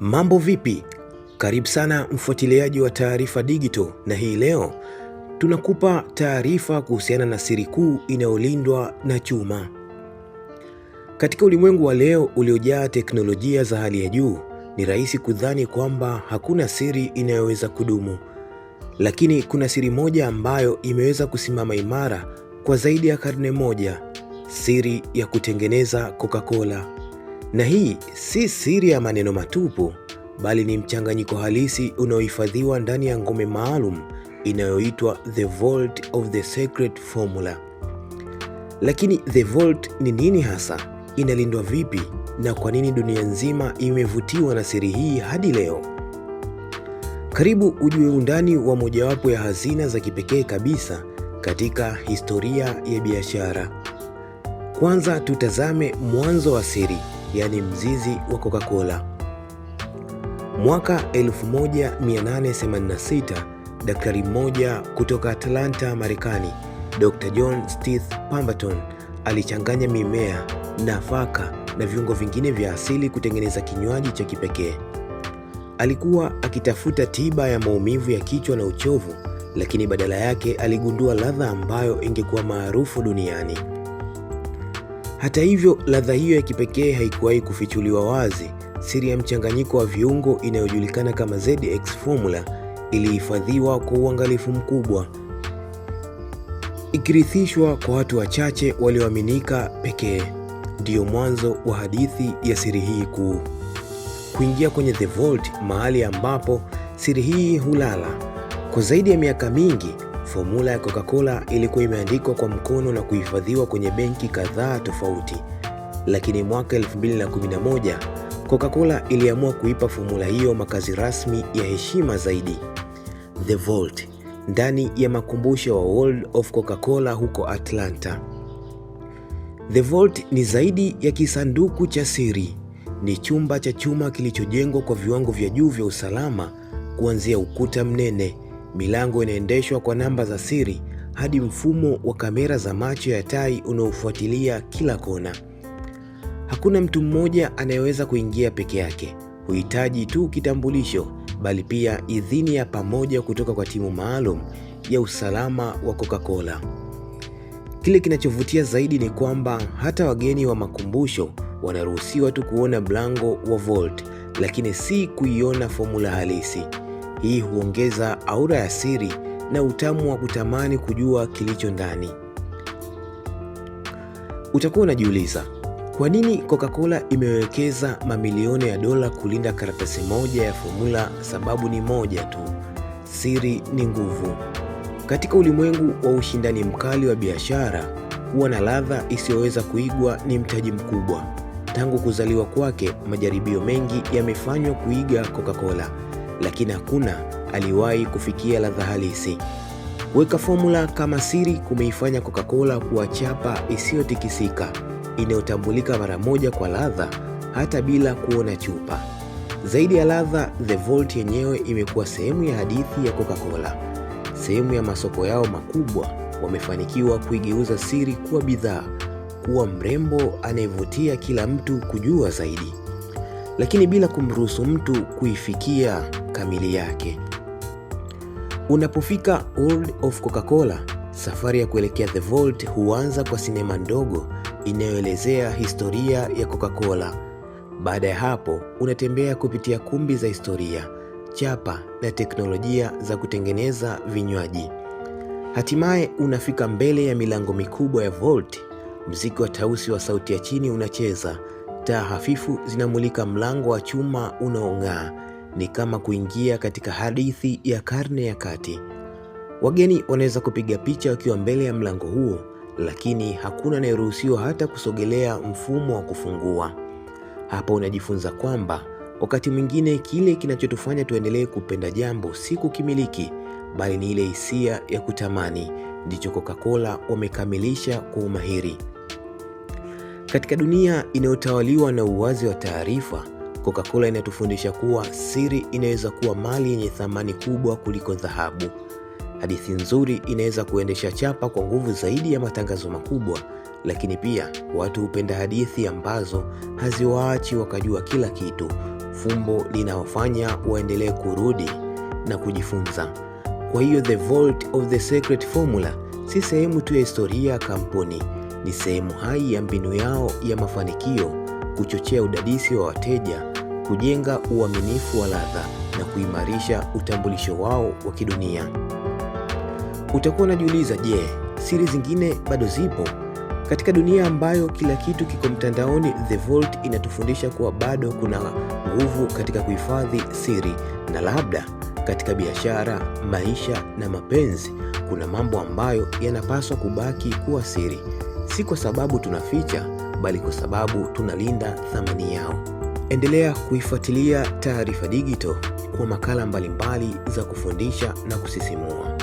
Mambo vipi? Karibu sana mfuatiliaji wa Taarifa Digital, na hii leo tunakupa taarifa kuhusiana na siri kuu inayolindwa na chuma. Katika ulimwengu wa leo uliojaa teknolojia za hali ya juu, ni rahisi kudhani kwamba hakuna siri inayoweza kudumu, lakini kuna siri moja ambayo imeweza kusimama imara kwa zaidi ya karne moja, siri ya kutengeneza Coca-Cola. Na hii si siri ya maneno matupu, bali ni mchanganyiko halisi unaohifadhiwa ndani ya ngome maalum inayoitwa The Vault of the Secret Formula. Lakini The Vault ni nini hasa? Inalindwa vipi? Na kwa nini dunia nzima imevutiwa na siri hii hadi leo? Karibu ujue undani wa mojawapo ya hazina za kipekee kabisa katika historia ya biashara. Kwanza tutazame mwanzo wa siri yaani mzizi wa Coca-Cola. Mwaka 1886 daktari mmoja kutoka Atlanta, Marekani, Dr. John Stith Pemberton alichanganya mimea, nafaka na viungo vingine vya asili kutengeneza kinywaji cha kipekee. Alikuwa akitafuta tiba ya maumivu ya kichwa na uchovu, lakini badala yake aligundua ladha ambayo ingekuwa maarufu duniani. Hata hivyo, ladha hiyo ya kipekee haikuwahi kufichuliwa wazi. Siri ya mchanganyiko wa viungo inayojulikana kama ZX formula ilihifadhiwa kwa uangalifu mkubwa, ikirithishwa kwa watu wachache walioaminika pekee. Ndiyo mwanzo wa hadithi ya siri hii kuu. Kuingia kwenye The Vault, mahali ambapo siri hii hulala. Kwa zaidi ya miaka mingi Fomula ya Coca-Cola ilikuwa imeandikwa kwa mkono na kuhifadhiwa kwenye benki kadhaa tofauti, lakini mwaka 2011 Coca-Cola iliamua kuipa fomula hiyo makazi rasmi ya heshima zaidi, The Vault, ndani ya makumbusho wa World of Coca-Cola huko Atlanta. The Vault ni zaidi ya kisanduku cha siri, ni chumba cha chuma kilichojengwa kwa viwango vya juu vya usalama, kuanzia ukuta mnene Milango inaendeshwa kwa namba za siri hadi mfumo wa kamera za macho ya tai unaofuatilia kila kona. Hakuna mtu mmoja anayeweza kuingia peke yake. Huhitaji tu kitambulisho, bali pia idhini ya pamoja kutoka kwa timu maalum ya usalama wa Coca-Cola. Kile kinachovutia zaidi ni kwamba hata wageni wa makumbusho wanaruhusiwa tu kuona mlango wa vault, lakini si kuiona fomula halisi. Hii huongeza aura ya siri na utamu wa kutamani kujua kilicho ndani. Utakuwa unajiuliza kwa nini Coca-Cola imewekeza mamilioni ya dola kulinda karatasi moja ya fomula? Sababu ni moja tu, siri ni nguvu. Katika ulimwengu wa ushindani mkali wa biashara, kuwa na ladha isiyoweza kuigwa ni mtaji mkubwa. Tangu kuzaliwa kwake, majaribio mengi yamefanywa kuiga Coca-Cola lakini hakuna aliwahi kufikia ladha halisi. Kuweka fomula kama siri kumeifanya Coca-Cola kuwa chapa isiyotikisika inayotambulika mara moja kwa ladha hata bila kuona chupa. Zaidi ya ladha, The Vault yenyewe imekuwa sehemu ya hadithi ya Coca-Cola. Sehemu ya masoko yao makubwa, wamefanikiwa kuigeuza siri kuwa bidhaa, kuwa mrembo anayevutia kila mtu kujua zaidi, lakini bila kumruhusu mtu kuifikia kamili yake. Unapofika World of Coca-Cola, safari ya kuelekea The Vault huanza kwa sinema ndogo inayoelezea historia ya Coca-Cola. Baada ya hapo, unatembea kupitia kumbi za historia, chapa na teknolojia za kutengeneza vinywaji. Hatimaye unafika mbele ya milango mikubwa ya Vault. Mziki wa tausi wa sauti ya chini unacheza, taa hafifu zinamulika mlango wa chuma unaong'aa ni kama kuingia katika hadithi ya karne ya kati. Wageni wanaweza kupiga picha wakiwa mbele ya mlango huo, lakini hakuna anayeruhusiwa hata kusogelea mfumo wa kufungua. Hapa unajifunza kwamba wakati mwingine kile kinachotufanya tuendelee kupenda jambo si kukimiliki, bali ni ile hisia ya kutamani. Ndicho Coca-Cola wamekamilisha kwa umahiri. Katika dunia inayotawaliwa na uwazi wa taarifa Coca-Cola inatufundisha kuwa siri inaweza kuwa mali yenye thamani kubwa kuliko dhahabu. Hadithi nzuri inaweza kuendesha chapa kwa nguvu zaidi ya matangazo makubwa, lakini pia watu hupenda hadithi ambazo haziwaachi wakajua kila kitu, fumbo linawafanya waendelee kurudi na kujifunza. Kwa hiyo The Vault of the Secret Formula si sehemu tu ya historia ya kampuni, ni sehemu hai ya mbinu yao ya mafanikio kuchochea udadisi wa wateja, kujenga uaminifu wa ladha na kuimarisha utambulisho wao wa kidunia. Utakuwa unajiuliza, je, siri zingine bado zipo? Katika dunia ambayo kila kitu kiko mtandaoni, The Vault inatufundisha kuwa bado kuna nguvu katika kuhifadhi siri, na labda katika biashara, maisha na mapenzi kuna mambo ambayo yanapaswa kubaki kuwa siri, si kwa sababu tunaficha bali kwa sababu tunalinda thamani yao. Endelea kuifuatilia Taarifa Digital kwa makala mbalimbali za kufundisha na kusisimua.